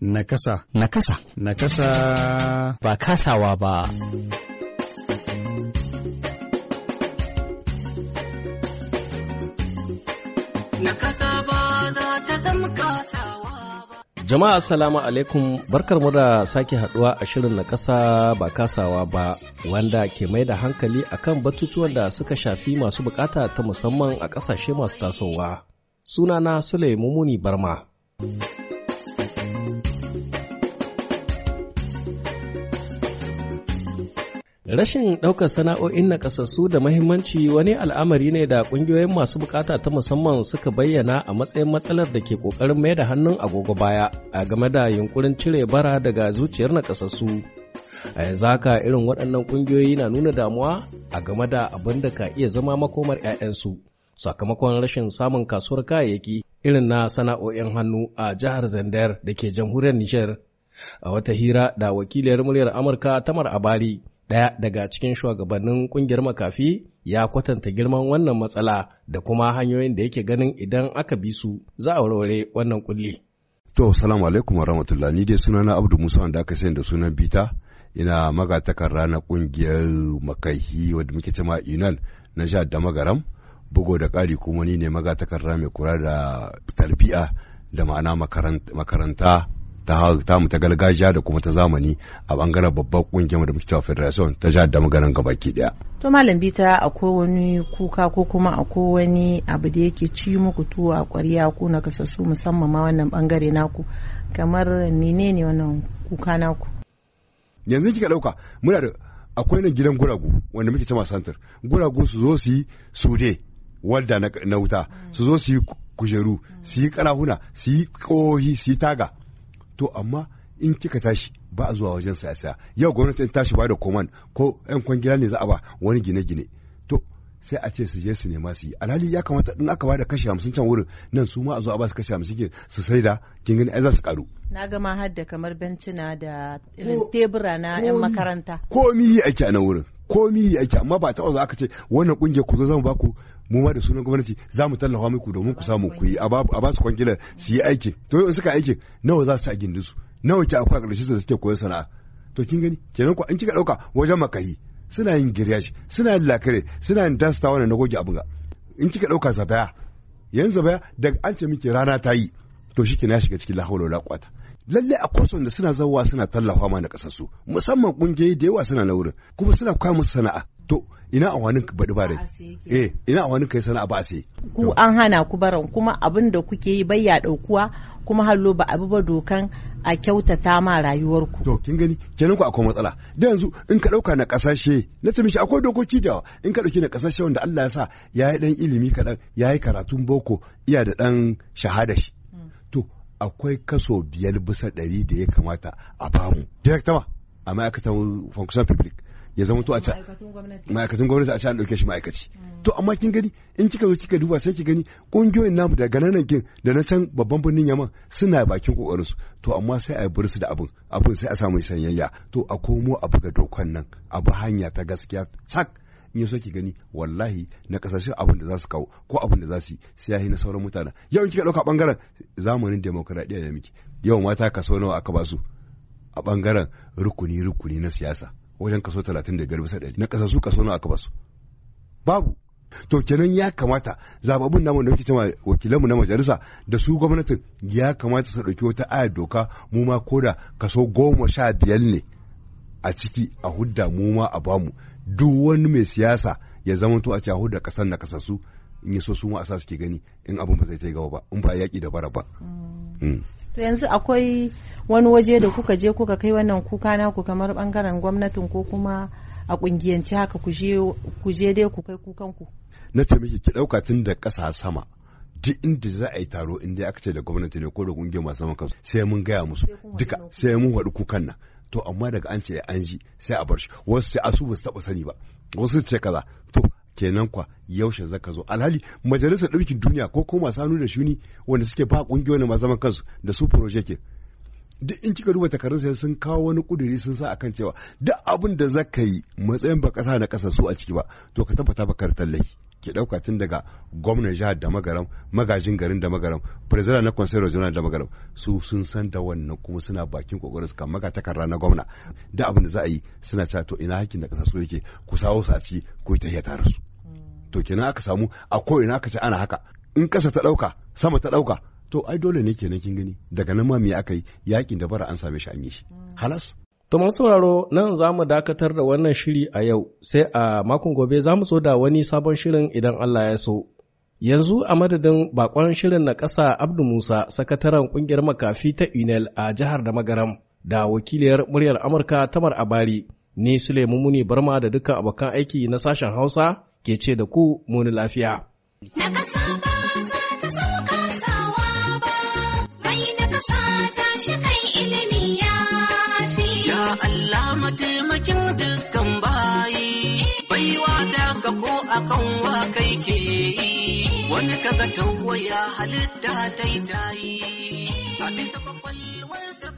Nakasa. Nakasa. Nakasa. Ba kasawa ba. Nakasa ba za ta zama kasawa ba. Jama'a salamu alaikum barkar mu da sake haduwa a shirin na kasa ba kasawa ba wanda ke mai da hankali akan batutuwan da suka shafi masu bukata ta musamman a kasashe masu tasowa. Sunana Sule Mumuni Barma. Rashin ɗaukar sana'o'in nakasassu da mahimmanci wani al'amari ne da ƙungiyoyin masu bukata ta musamman suka bayyana a matsayin matsalar da ke ƙoƙarin mai da hannun agogo baya a game da yunkurin cire bara daga zuciyar nakasassu. A yanzu haka irin waɗannan ƙungiyoyi na nuna damuwa a game da abin da ka iya zama makomar 'ya'yansu sakamakon rashin samun kasuwar kayayyaki irin na sana'o'in hannu a jihar Zandar da ke jamhuriyar Nijar. A wata hira da wakiliyar muryar Amurka Tamar Abari ɗaya daga cikin shugabannin ƙungiyar makafi ya kwatanta girman wannan matsala da kuma hanyoyin da yake ganin idan aka bi su za a warware wannan kulle. To, salamu alaikum wa rahmatullah, ni dai sunana Abdu Musa wanda aka sayar da sunan Bita, ina magatakar rana ƙungiyar makahi wadda muke cema Inal na sha da magaram, bugo da ƙari kuma ni ne magatakar mai kula da tarbiya da ma'ana makaranta ta tamu ta gargajiya da kuma ta zamani a bangaren babban kungiyar da muke cewa federation ta jihar da magaran gabaki daya to malam bita akwai wani kuka ko kuma akwai wani abu da yake ci muku tuwo a ƙwarya ko na kasassu musamman ma wannan bangare naku kamar menene wannan kuka naku yanzu kika dauka muna da akwai nan gidan guragu wanda muke cewa santar guragu su zo su yi sude walda na wuta su zo su yi kujeru su yi karahuna su yi kohi su yi taga to amma in kika tashi ba a zuwa wajen siyasa yau gwamnati in tashi ba da koman ko yan kwangila ne za a ba wani gine-gine to sai a ce su je su nema su yi alhali ya kamata in aka ba da kashi hamsin can wurin nan su ma a zo a ba su kashi hamsin su sai da gingin ai za su karu na ga ma hadda kamar bencina da irin tebura na yan makaranta ko yi ake a nan wurin komi ya ake amma ba taɓa za aka ce wannan ƙungiyar ku zo zan ba ku mu ma da sunan gwamnati za mu tallafa muku domin ku samu ku yi a ba su kwangilar su yi aiki. to yau suka aiki nawa za su a gindin su nawa ke akwai a ƙarshe su da suke koyon sana'a to kin gani kenan ku an kika ɗauka wajen makahi suna yin giryashi suna yin lakare suna yin dasta wannan na goge abin ga in kika ɗauka zabaya yanzu zabaya daga an ce miki rana ta yi to shi ya shiga cikin lahawar wala lalle a da suna zawa suna tallafa ma na kasarsu musamman kungiyoyi da yawa suna na wurin kuma suna kawo musu sana'a to ina a wani baɗi ba dai eh ina a wani kai sana'a ba sai ku an hana ku baran kuma abin da kuke yi bai ya daukuwa kuma hallo ba abu ba dokan a kyautata ma rayuwarku to kin gani kenan ku akwai matsala da yanzu in ka dauka na kasashe na ce mishi akwai dokoki da in ka dauki na kasashe wanda Allah ya sa yayi dan ilimi kadan yayi karatun boko iya da dan shahada shi akwai kaso biyar bisa ɗari da ya kamata a bamu ma a ma'aikatan function public ya zama to a ca ma'aikatan gwamnati a ca an ɗauke shi ma'aikaci mm. to amma kin gani in kika zo kika duba sai ki gani ƙungiyoyin namu da gananan kin da na can babban birnin yaman suna bakin kokarin su to amma sai a bar su da abin abin sai a samu sanyayya to a komo a buga dokan nan a bi hanya ta gaskiya sak in yaso ki gani wallahi na kasashen abin da za su kawo ko abin da za su yi sai yi na sauran mutanen yau in kika dauka bangaren zamanin demokradiyya ne miki yau mata kaso nawa aka basu a bangaren rukuni rukuni na siyasa wajen kaso 35 bisa 100 na kasasu kaso nawa aka basu babu to kenan ya kamata zababun namu da muke cewa wakilanmu na majalisa da su gwamnatin ya kamata su ɗauki wata ayar doka mu ma koda kaso goma sha biyar ne a ciki a hudda mu ma a bamu duk wani mai siyasa ya zama to a cahu da kasar na kasasu in yi so su wasa suke gani in abin ba zai ta gaba ba in ba yaƙi da bara ba. Mm. Mm. to yanzu akwai wani waje da kuka je kuka kai wannan kuka naku kamar bangaren gwamnatin ko kuma a kungiyance haka ku je dai ku kai kukan ku. na ce miki ki ɗauka tun da ƙasa sama duk inda za a yi taro inda aka ce da gwamnati ne ko da kungiyar masu zaman kansu sai mun gaya musu duka sai mun haɗu kukan nan to amma daga an ce an ji sai a bar shi wasu sai asu ba su taba sani ba wasu ce kaza to kenan kwa yaushe zaka zo alhali majalisar ɗaukin duniya ko ko masu hannu da shuni wanda suke ba kungiyoyin masu zaman kansu da su proje ke duk in kika duba takardun sai sun kawo wani kuduri sun sa akan cewa duk abin da zaka yi matsayin ba kasa na kasa su a ciki ba to ka tabbata ba kar tallafi ke dauka tun daga gwamnan jihar da magaram magajin garin da magaram president na conseil regional da magaram su sun san da wannan kuma suna bakin kokarin su kan maka takarda na gwamna da abin da za a yi suna cewa to ina hakkin da kasa so yake ku sawo a ko ta iya tare su mm. to kenan aka samu a ko ina aka ce ana haka in kasa ta ɗauka sama ta ɗauka to ai dole ne kenan kin gani daga nan ma me aka yi yakin da bara an same shi an yi shi mm. halas To masu sauraro nan za mu dakatar da wannan shiri a yau, sai a makon gobe za mu zo da wani sabon shirin idan Allah ya so. Yanzu a madadin bakon shirin na ƙasa Abdu Musa, sakataren ƙungiyar makafi ta UNEL a jihar da Magaram, da wakiliyar muryar Amurka Tamar Abari, ni Suleiman Muni Barma da dukkan abokan aiki na sashen Hausa ke ce da ku muni lafiya. kan bayi baiwa da ka ko akan wa kai ke yi wani kaga tawaya halitta ta yi ta yi